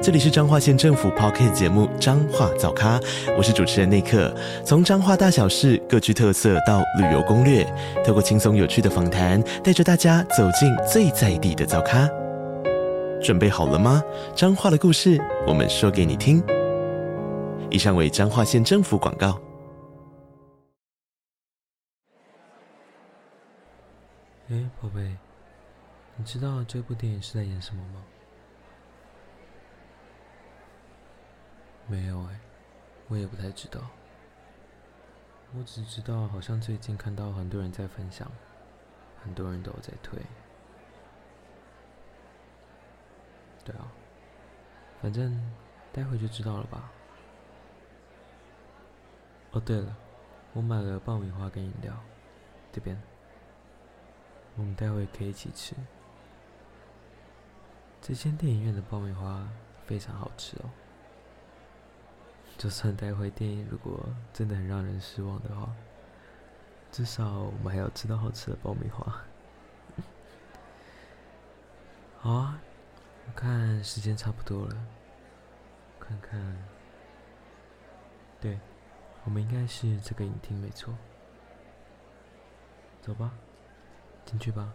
這裡是彰化縣政府 Podcast 節目《彰化早咖》，我是主持人內克。從彰化大小事各具特色到旅遊攻略，透過輕鬆有趣的訪談，帶着大家走進最在地的早咖。準備好了嗎？彰化的故事，我們說給你聽。以上為彰化縣政府廣告。哎，寶貝，你知道這部電影是在演什麼嗎？沒有哎，我也不太知道。我只知道，好像最近看到很多人在分享，很多人都有在推。對啊，反正待會就知道了吧。哦對了，我買了爆米花跟飲料，這邊，我們待會可以一起吃。這間電影院的爆米花非常好吃哦。就算待會電影如果真的很讓人失望的話，至少我們還要吃到好吃的爆米花。 好啊，我看時間差不多了，看看，對，我們應該是這個影廳沒錯，走吧，進去吧。